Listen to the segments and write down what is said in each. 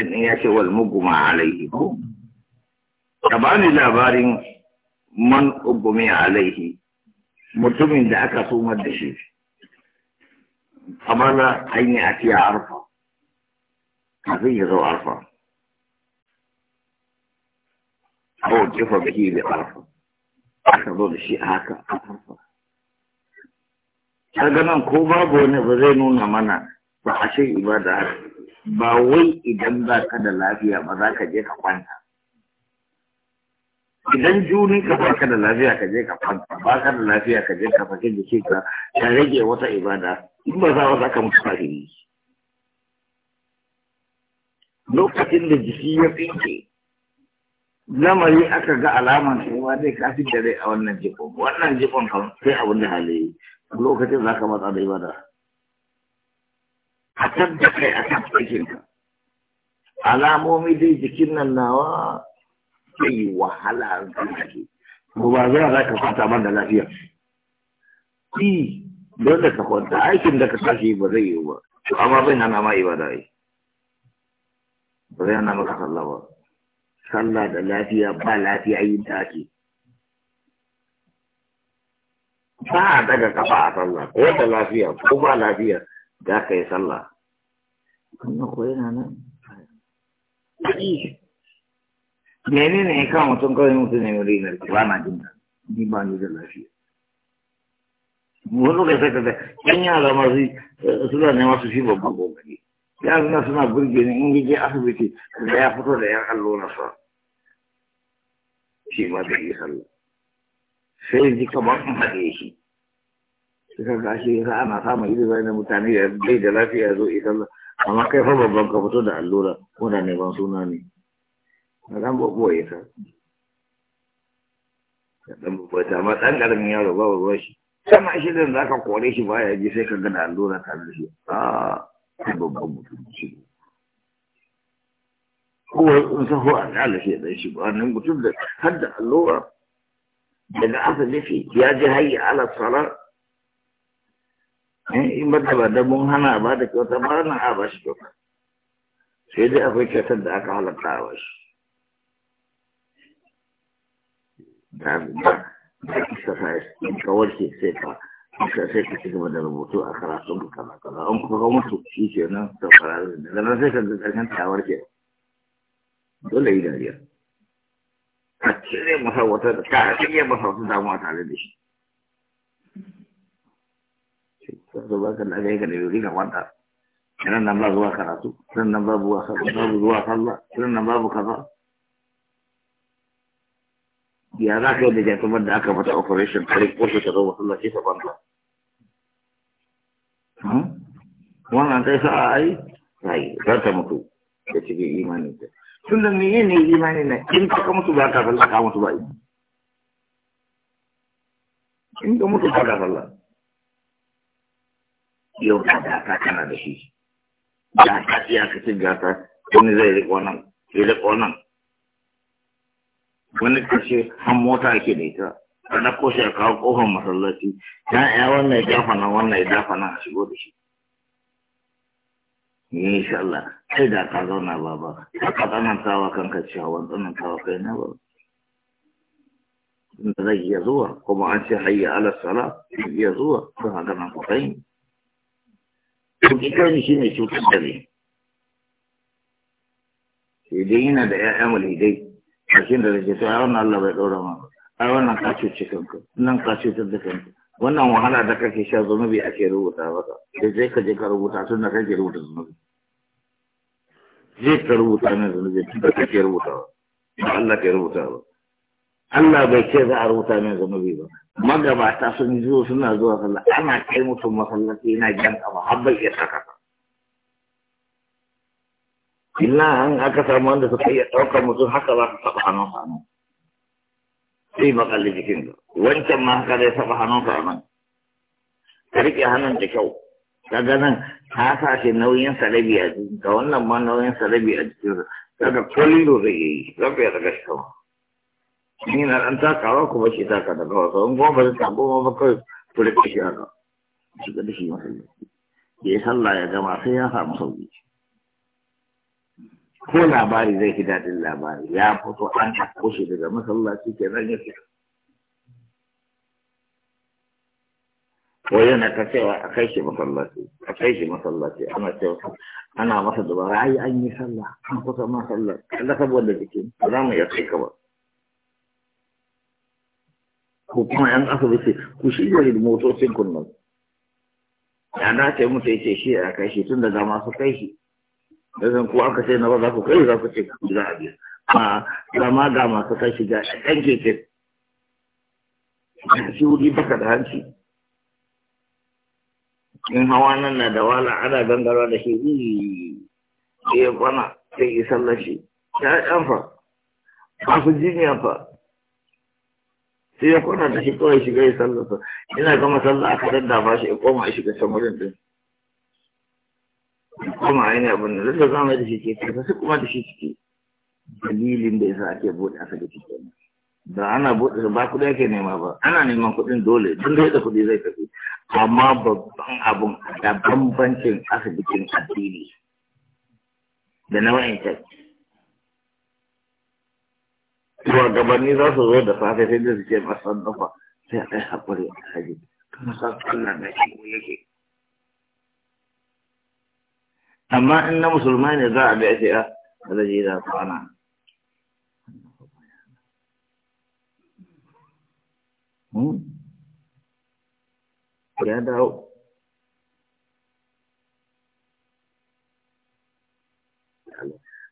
الناس والمجمع عليهم طبعا لا بارين من أبمي عليه مطلوب من ذاك ثم الدشي طبعا أين أتي عرفة هذه ذو عرفة أو جفا به بعرفة أخذ الشيء هكا عرفة أجنان كوبا بوني غزينو نمانا فحشي إبادة عرفة ba wai idan ba ka da lafiya ba za ka je ka kwanta idan juni ka ba ka da lafiya ka je ka kwanta ba ka da lafiya ka je ka fashe jiki ka ka rage wata ibada in ba za ba za ka mutu fahimi lokacin da jiki ya tsinke lamari aka ga alaman cewa zai ka da dare a wannan jikon wannan jikon kan sai abin da halaye lokacin za ka matsa da ibada a kan kai a kan alamomi dai jikin nan nawa zai wahala a kan ko ba za ka kwanta man da lafiya ki don da ka kwanta aikin da ka tashi ba zai yiwu ba to amma bai hana ma ibada yi ba zai hana maka sallah ba sallah da lafiya ba lafiya yin ta ake ba a daga kafa a sallah ko da lafiya ko ba lafiya za ka yi sallah wannan ko yana nan mene ne ya kawo mutum kawai mutum ne mai rinar ba na jin da ni ba ni da lafiya wani kai saka da yan yara masu eh, suna ne su shi babban kokari yaran suna burge ni in gije asibiti da ya fito da yan allo na sa shi ma da yi sallah sai ji kamar in haɗe shi suka ga shi yasa ana samun ido zai mutane da bai da lafiya zo ita amma kai fa babban ka fito da allura wanda ne ban suna ne na dan babuwa ya sa dan babuwa ta amma dan karamin yaro ba ba shi sama shi da za ka kore shi baya ji sai ka ga da allura ta da shi a ah, babban mutum shi Kuma in saho a kala shi da shi ba nan mutum da har da allura daga asali ya ji hayya ala salat Eh, in ba ta ba da mun hana ba da kyauta ba nan a ba shi kyauta sai dai akwai kyautar da aka halatta a ba shi da da exercise in ka warke sai ka sai ka ci gaba da rubutu a karatun ka kaza kaza an kuma ka mutu shi ke nan da karatun da nan sai ka ga karshen ta warke dole yi dariya ka cire masa wata ka cire masa wata damuwa tare da shi zuwa kan da ka da yuri ka kwanta irin nan ba zuwa karatu irin nan babu zuwa sallah irin nan babu kaza ya za ka yi da jatumar da aka mata operation kare kotu ta zama sallah ce ka kwanta wannan ta yi sa'a ai sai za ta mutu da cikin imani ta tun da meye ne imani na in ka mutu ba ka sallah ka mutu ba in ka mutu ba ka sallah yau da gata kana da shi ba ka iya ka ci gata wani zai riƙo wannan ya riƙo wannan wani kashe han mota ake da ita a na koshe a kawo ƙofar masallaci ta ya wannan ya dafa nan wannan ya dafa nan a shigo da shi ni insha Allah sai da ka zauna baba ka ka tsanantawa kanka cewa wani tsanantawa kai na da zai iya zuwa kuma an ce hayya ala sala iya zuwa sun haka nan kuɗai Kuɗi shi ne cutar da ne. Sai dai yana da ƴaƴan ‘ya'ya mulidai, bakin da zai sai wannan Allah bai ɗora ma ba. Ai wannan ka cuci kanka, nan ka cutar da kanka. Wannan wahala da kake sha zunubi ake rubuta maka. Sai sai ka je ka rubuta tun da kake rubuta zunubi. Zai ka rubuta na zunubi tun da kake rubuta ba. Ba Allah ke rubuta ba. Allah bai ce za a rubuta min zunubi ba. magabata sun zo suna zuwa sallah ana kai mutum masallaci yana jan kama har bai iya saka illa an aka samu wanda suka iya ɗaukar mutum haka za su taɓa hannun sa nan sai makalli jikin ka wancan ma haka zai taɓa hannun sa nan ka riƙe hannun da kyau ka ga nan ta sa shi nauyin salabi a jikin ka wannan ma nauyin salabi a jikin ka ga kwallo zai yi zai ya daga shi kama ni na dan kawo ku ba shi taka da kawai sauran kuma ba zai tabo ma ba kawai ku rike shi haka shi ga dashi masallaci ya yi sallah ya gama sai ya samu sauki ko labari zai fi daɗin labari ya fito an ɗauko shi daga masallaci ke nan ya fito ko yana ta cewa a kai shi masallaci a kai shi masallaci ana cewa ana masa dubara ai an yi sallah an kusa ma sallah Allah saboda jikin ba za mu iya kai ka ba ko kuma yan asibiti ku shirya da motocin kunnu. ya na mutu ya ce shi a kai shi tun daga masu su kai shi da zan ku aka ce na ba za ku kai za ku ce ku za a biya a ma ga masu kai shi ga ɗan keke shi wuri baka da hanci in hawa nan na da wala ana gangara da shi yi ya kwana sai isan sallashi. ya ɗan fa ba su jiniya fa sai ya kwana da shi kawai shiga ya sallasa ina gama sallah aka ba shi ya koma ya shiga can wurin din kuma a yana abin da zai zama da shi ke kasa su kuma da shi ciki dalilin da ya sa ake buɗe da cikin da ana buɗe ba ku da yake nema ba ana neman kuɗin dole don da da kuɗi zai tafi amma babban abin da bambancin asibitin addini da nawa'in tafi shugabanni za su zo da safe sai da suke masan nufa sai a kai haƙuri a haji kuma san Allah na shi ko yake amma in na musulma ne za a bi a ce a alaji za su ana ya dawo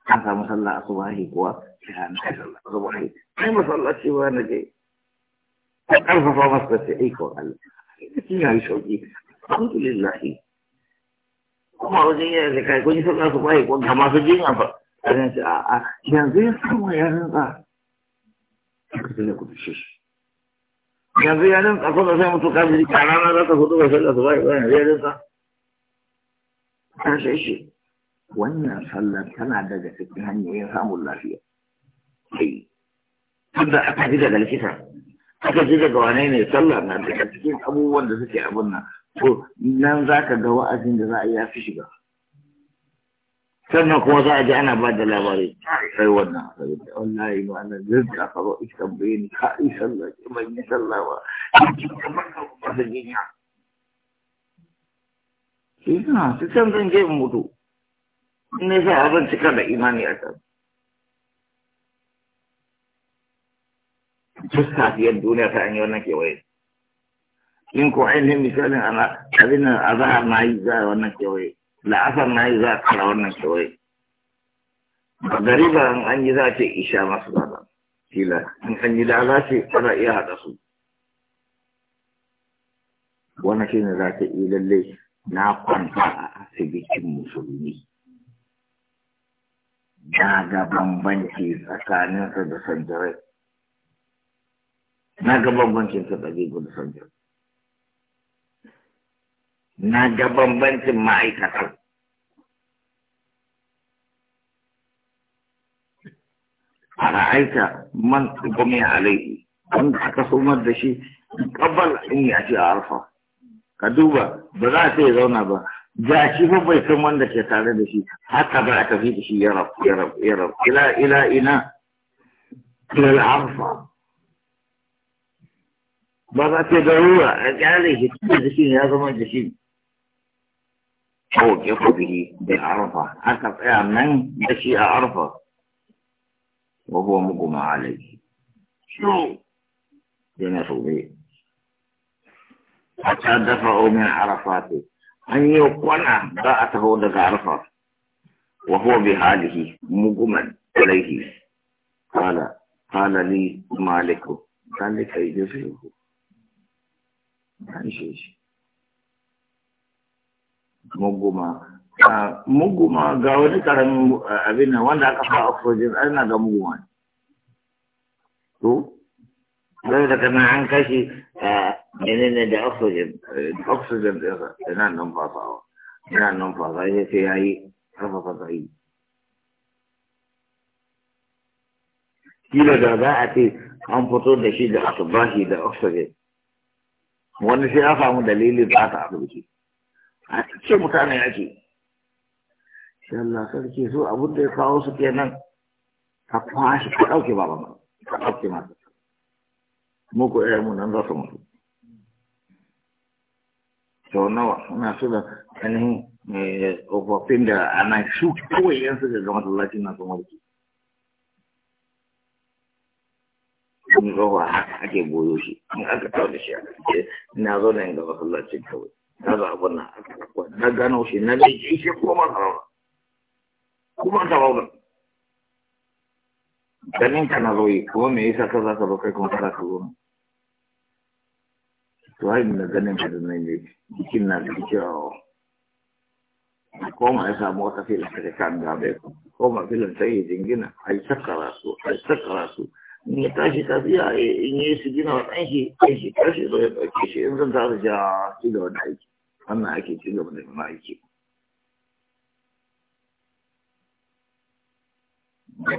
an samu sallah asubahi kuwa sai an kai sallah asubahi sai masallaci ba na je a ƙarfafa masa ta ikon Allah shi ya yi alhamdulillah kuma wajen yana da kai kun yi sallah asubahi ko ga masu jinya ba sannan a'a yanzu ya samu ya rinka aka tsaye ku fishe shi yanzu ya rinka kuma sai mutu kafin kana na za ka hudu ba sallah asubahi ba ya shi wannan sallar tana daga cikin hanyoyin samun lafiya tunda aka ji daga likita aka ji daga wane ne sallar na daga cikin abubuwan da suke abin nan to nan za ka ga wa'azin da za a yi fi shiga sannan kuma za a ji ana ba da labari sai wannan wallahi ma na zirga ka ba ita ka yi sallah ke mai yi sallah ba ki kamar ka ba da jinya can zan je in mutu ne sa abin cika da imani a kan duk safiyar duniya ta an yi wannan kewaye in ko ainihin misalin ana abin a na yi za wannan kewaye la'asar na yi za a kara wannan kewaye ba gari ba an yi za ce isha masu zaba fila in an yi da za ce ana iya haɗa su wannan shi ne za ta iya lalle na kwanta a asibitin musulmi na ga bambanci tsakaninsa da sanjarai na ga da ta ɗabi'u da sanjarai na ga bambancin ma'aikatar a aita, man tsibumi alaihi wanda aka sumar da shi kabal in ya a alfa ka duba ba za ta yi zauna ba جاشي فبي كمان ده كتاره ده شيء حتى بقى كفي ده شيء يا رب يا رب يا رب إلى إلى إنا إلى العرفة بقى تدعوه قال لي شيء ده شيء يا زمان ده شيء هو كيف فيه بالعرفة حتى يا من ده شيء عرفة وهو مقوم عليه شو جنسوا به حتى دفعوا من عرفاته an yi kwana za a taho daga arfa wa huwa bi halihi muguman alaihi qala qala li maliku zalika yajzihu kanshe shi muguma ah, muguma ga wani karamin ah, abin nan wanda aka fa a fojin ana ga muguma to don da kana an kashi a menene da oxygen da oxygen ɗinsa yana numfasawa yana numfasa ya ce ya yi karfafa tsayi kila da za ce an fito da shi da aka bashi da oxygen wani sai ya samu dalilin da aka asibiti a cikin mutane ake shi Allah sarki su abin da kawo su kenan ka kwashi ka ka ɗauke masa muku ɗaya eh, mu nan za su mutu sau nawa suna so da ainihin eh, tsofaffin da ana su kawai yan suka ga masallaci na su mulki sun tsofa haka ake goyo shi in aka kawo da shi a ce na zo da ga masallacin kawai na zo abin nan aka kawo na gano shi na bai ji shi kuma masarauta kuma sarauta ganin ka na zo yi kuma me yasa ka za ka zo kai kuma ka ka zo to ai na ganin ka nan ne jikin na da kyau koma ya samu wata filin ta kan gabe koma filin ta yi jingina a yi sakara su a yi sakara su in ya tashi tafiya eh, in yi su gina wata aiki shi ɗan shi tashi zo ya ɗauke shi in zan tafi ja ci gaba da aiki wannan ake ci gaba da ma aiki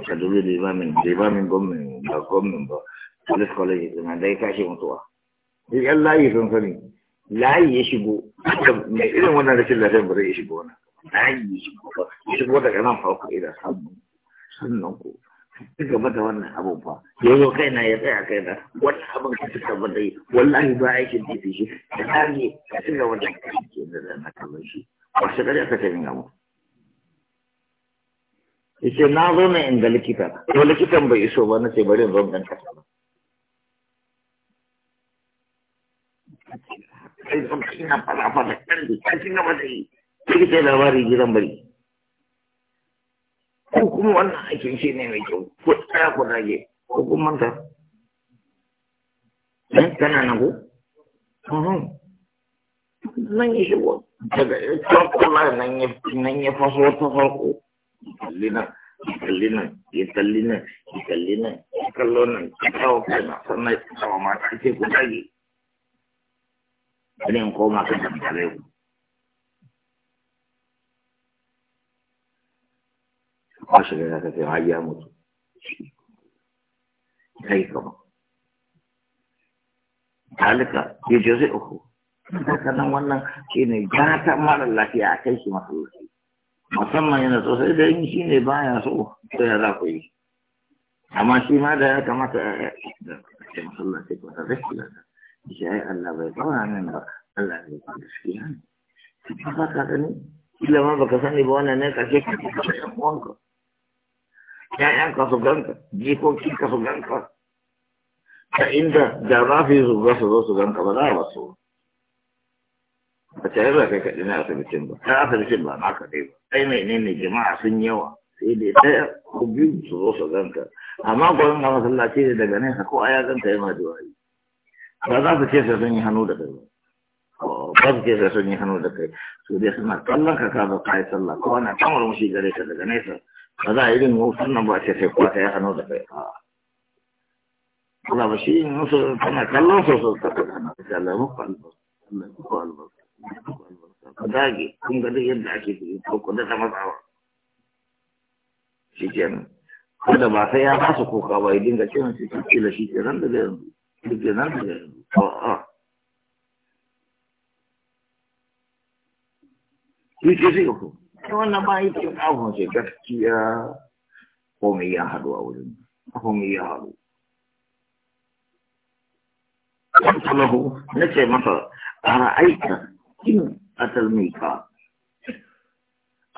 ka dubi limamin limamin gwamnan ba gwamnan ba police college na dai kashe mutuwa da yan layi sun sani layi ya shigo mai irin wannan rashin lafiyar ba zai shigo wani layi ya shigo ba ya shigo daga nan farko idan sannan sannan ko game da wannan abun fa ya zo na ya tsaya na wannan abin ka ci gaba da yi wallahi ba aikin da fi shi da tsari ka ci gaba da kai ke da da na kallon shi wasu kare aka ta gama ya ce na zo na inda likita ko likitan bai iso ba na ce bari in zo ganka ba na farafa da ƙarfi ta ci gaba yi sai labari gidan bari ko kuma wannan aikin shi ne mai kyau ko tsaya ku ko kun manta eh kana nan ko mhm. nan ya shigo daga can kula nan ya faso ta farko kalli nan ya kalli ya ya kallo nan ya kawo kai na sannan ya kawo mata bari in koma kan tambaye ku ba shi ga ka sai hajiya mutu kai kama talika ya je zai uku sannan wannan shi ne gata mara lafiya a kai shi masallaci musamman yana sosai da yin shi ne baya so sai ya za ku yi amma shi ma da ya kamata ya eh, eh, masallaci ko ta zai kula da shi ai Allah bai zauna nan ba Allah ne ba gaskiya ne cikin ba ka gani kila ma baka sani ba wannan ne karshe ka ci gaba yan uwanka ƴaƴan ka su ganka jikokin ka su ganka ta inda da rafi su ga su zo su ganka ba za a wasu ba ta yarda kai kaɗi na asibitin ba ta asibitin ba na kaɗai ba ai mai ne ne jama'a sun yawa sai dai ɗaya ko biyu su zo su ganka amma gwanin ga masallaci ne daga nesa ko a ya ganka yana jiwayi ba za su ce sai sun yi hannu da kai ba su ce sai sun yi hannu da kai su dai suna kallon ka kaza kai sallah ko ana ta mushi gare ka daga nesa ba za a yi irin wasan nan ba ce sai kuwa ka yi hannu da kai Allah ba shi in su tana kallon su su ta kuka na ta Allah muku albarka Allah muku albarka muku ka dage kun ga duk yadda ake cikin ko kun da ta matsawa shi kenan kada ba sai ya ba su kuka ba ya dinga cewa shi kila shi ran da zai Dike nan da a'a. Yake zai ku. Wannan ba yake kafin ce gaskiya ya haɗu a wurin. Komai ya haɗu. Kwanta na ce masa a ra'aika in a. mai ka.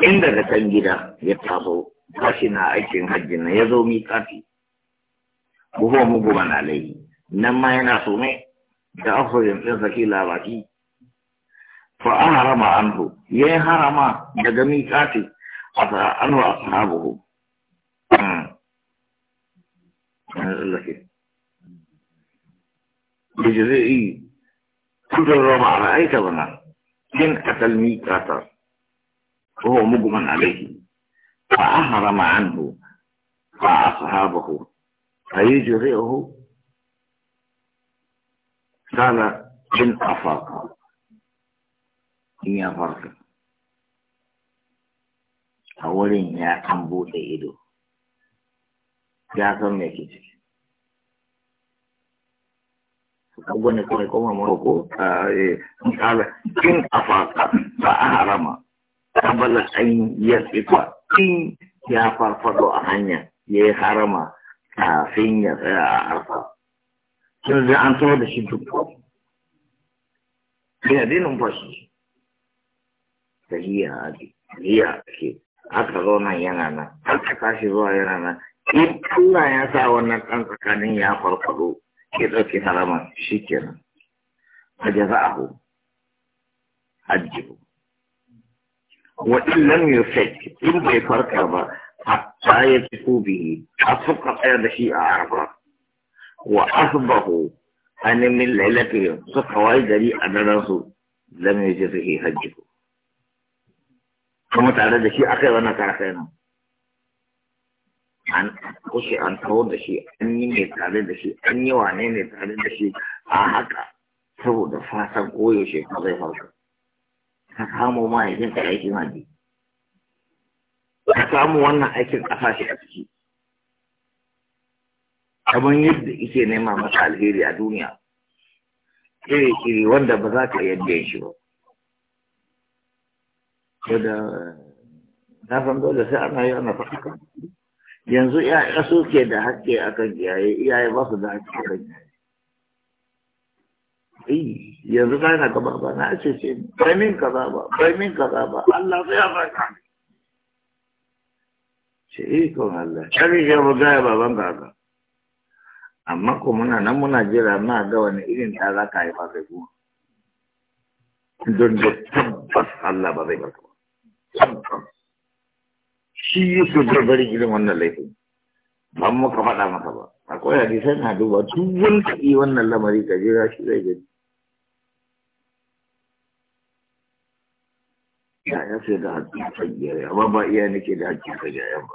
In daga can gida ya taso shi na aikin hajji na ya zo miƙafi. Buhu mu goma na laihi. nan ma yana so ne da afirin ɗin saki labaki fa an harama anhu ya yi harama daga miƙati a anhu a sahabuhu بجزئي تجرم رأيت بنا إن أتى الميقات وهو مجمن عليه فأهرم عنه مع أصحابه فيجرئه قال إن أفاق إن يفرق ya يا أنبو إيدو ya san me ke ciki abubuwan da kawai koma maroko a kala e, in afaka ba a harama tabbala an ya tsifa in ya farfado a hanya ya yi harama kafin ya tsaya a harfa yanzu an tsoro da shi duk sai dai numfashi sahiya ake sahiya ake aka zo nan yana nan ka tashi zuwa yana nan in Allah ya sa wannan ɗan tsakanin ya farfado ya ɗauki haraman shi kenan a jaza a jaza'ahu hajjihu wa in lam yusek in bai farka ba hatta ya ko bihi a suka tsaya da shi a arba wa asbahu an min lailati suka kawai gari a daren su lam yajrihi Hajji? kuma tare da shi akai wannan karafai nan an kushe an taho da shi an yi ne tare da shi an yi wane ne tare da shi a haka saboda fatan koyaushe ka zai farka ka samu ma yakin ka aikin hajji ka samu wannan aikin kasashe a ciki kamar yadda ike nema masa alheri a duniya iri iri wanda ba za ka yadda shi ba Wadda na san dole sai ana yi ana faɗa yanzu ya'ya su ke da hakke a kan iyaye iyaye ba su da hakke a kan iyaye yanzu ka yana gaba ba na ce ce bai min za ba bai min za ba Allah sai ya faɗa ce ikon Allah shari'a ya ba gaya baban ka amma ko muna nan muna jira na ga wani irin ta za ka haifar da kuma don da tabbas Allah ba zai barka ba shi yi su bari irin wannan laifin ban muka faɗa maka ba akwai sai na duba tuwon kaɗi wannan lamari ka jira shi zai gani ya ya sai da hajji fayyar amma ba iya nake da hajji fayyar ba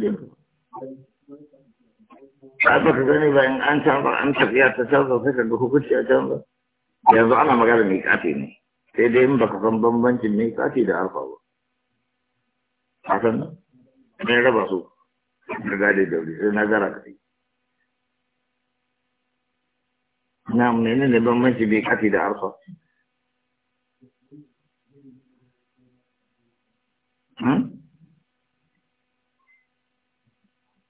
jin su ba ka gani bayan an canza an tafiya ta canza sai ka ga hukunci a canza yanzu ana magana mai kafi ne sai dai in baka san bambancin mai kafi da alfa ba a san nan me raba su ka gade da wuri sai na gara ka yi na menene ne bambanci mai kafi da alfa Hmm?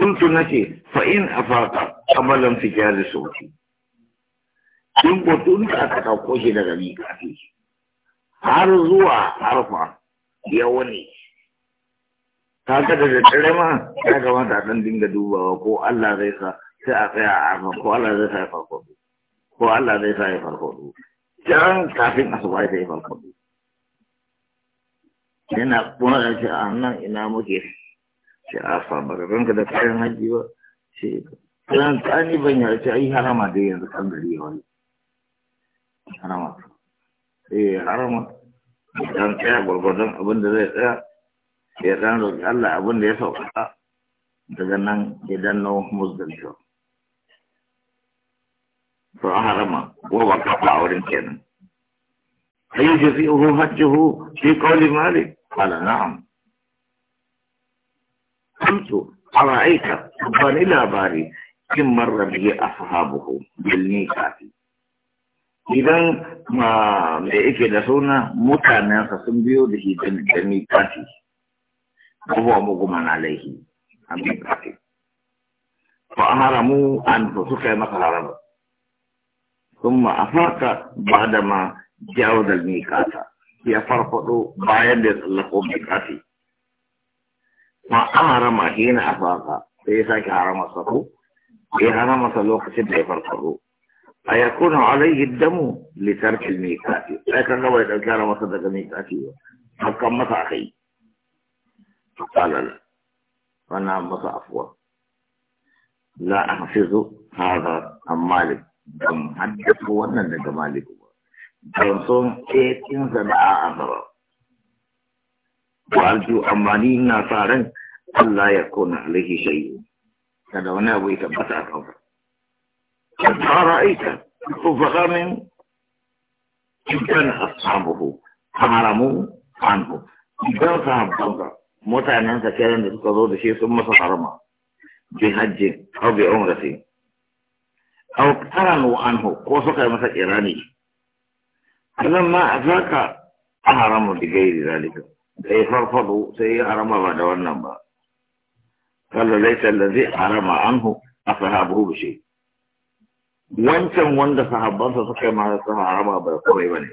قلت نتي فإن أفاق قبل انفجار الصوت إن قلت أتكوكوش لغني كافي هرزوا عرفا يوني kaga da daddare ma ya kamata a ɗan dinga dubawa ko Allah zai sa sai a tsaya a arfa ko Allah zai sa ya farko ko Allah zai sa ya farko can kafin asuba ya farko yana kuma da shi a nan ina muke sai a fa ba ranka da kayan haji ba ce ran tsani ban ya ce ai harama da yanzu kan gari ya wani harama eh harama dan tsaya gwargwadon abin da zai tsaya ya dan roƙi Allah abin da ya sauƙaƙa daga nan ya danno muzdalifa to harama ko ba kafa a wurin kenan ayyuka fi'uhu hajjuhu fi qawli malik qala na'am kuntu ara'aita bani labari in marra bihi ashabuhu bil miqati idan ma da yake da suna mutanensa sun biyo da shi da miƙati abuwa muguma na laihi a miƙati fa haramu an fa suka yi masa harama sun ma a ba ma jawo da miƙata ya farfaɗo bayan da ya tsallako miƙati فأهرم حين أفاق فيساك حرم الصفو في حرم الصلوك سبع فرقه أيكون عليه الدم لترك الميقات لكن لو يتذكر وصدق ميقاته حقا مصا أخي قال لا وأنا مصا لا أحفظ هذا المالك دم حدث وانا دم مالك دم صوم ايتين سبعة أضرار وأرجو أماني نصارا ألا يكون عليه شيء هذا هنا ويثبت أكبر قد رأيت الفقهاء من كان أصحابه حرموا عنه إذا صاحب mutanen sa kiran da suka zo da shi sun masa harma bi hajji aw bi umrati aw qaranu anhu ko suka yi masa irani lamma azaka haramu bi gairi zalika da ya farfado sai ya harama ba da wannan ba kalla zai tallazi harama anhu ashabuhu bi shay wancan wanda sahabbansa suka yi masa sun harama ba komai bane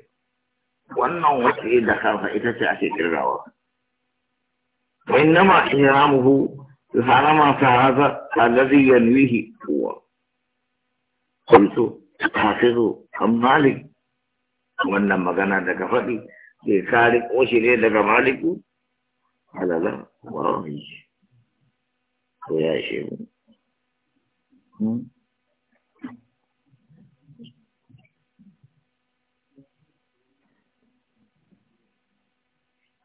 wannan wace da kansa ita ce ake kirgawa wa innama ihramuhu harama ta hadha alladhi yanwihi huwa qultu hafizu an malik wannan magana daga faɗi ke kari shi ne daga maliku alala wahi ko ya shi mu hmm?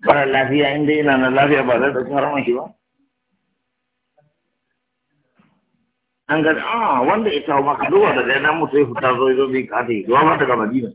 mara lafiya inda yana na lafiya ba zai ɗauki haramun shi ba an gani a ah, wanda ita hau maka duwa da ɗaya na mutu ya fita zo ya zo bai kata yi zuwa ba daga madina